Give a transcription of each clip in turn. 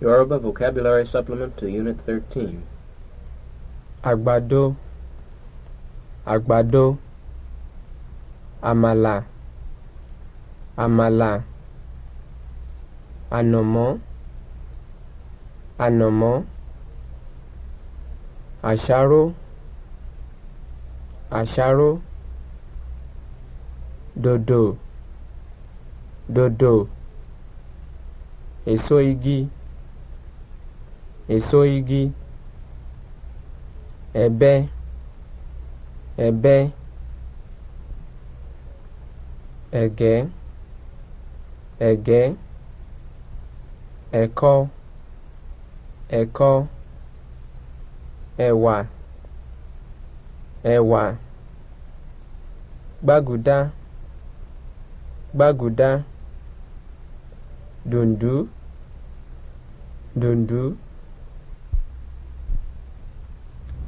Yoruba Vocabulary Supplement to Unit 13. Agbado, Agbado, Amala, Amala, Ànàmọ́ Ànàmọ́ Asharo, Asharo, Dodo, Dodo, Èso igi èso igi ẹ̀bẹ ẹ̀bẹ ẹ̀gẹ́ ẹ̀gẹ́ ẹ̀kọ ẹ̀kọ ẹ̀wà ẹ̀wà gbàgùdá gbàgùdá dùndú dùndú.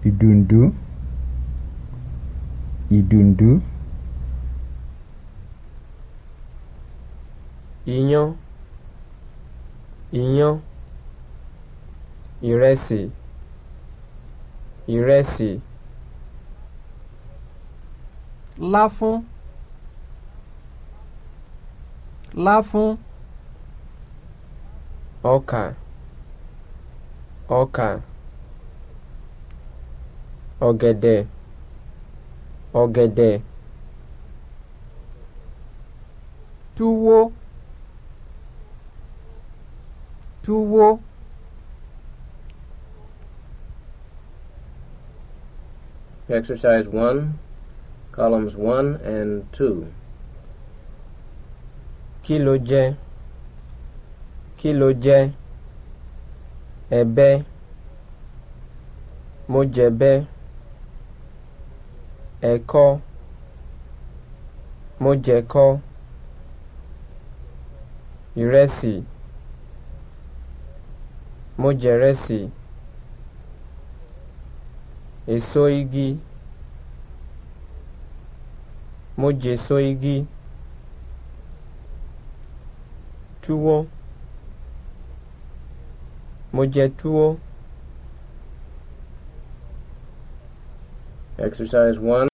ìdùndú ìdùndú. iyán iyán ìrẹsì ìrẹsì. láfún láfún. ọkà ọkà. ọ̀gẹ̀dẹ̀ ọ̀gẹ̀dẹ̀ túwó túwó exercise 1 columns 1 and 2 kí ló ẹ̀bẹ́ mojebe ẹ̀kọ mo jẹ̀kọ ìrẹsì mo jẹ̀rẹsì èso igi mo jèso igi túwó mo jẹ túwó. Exercise 1.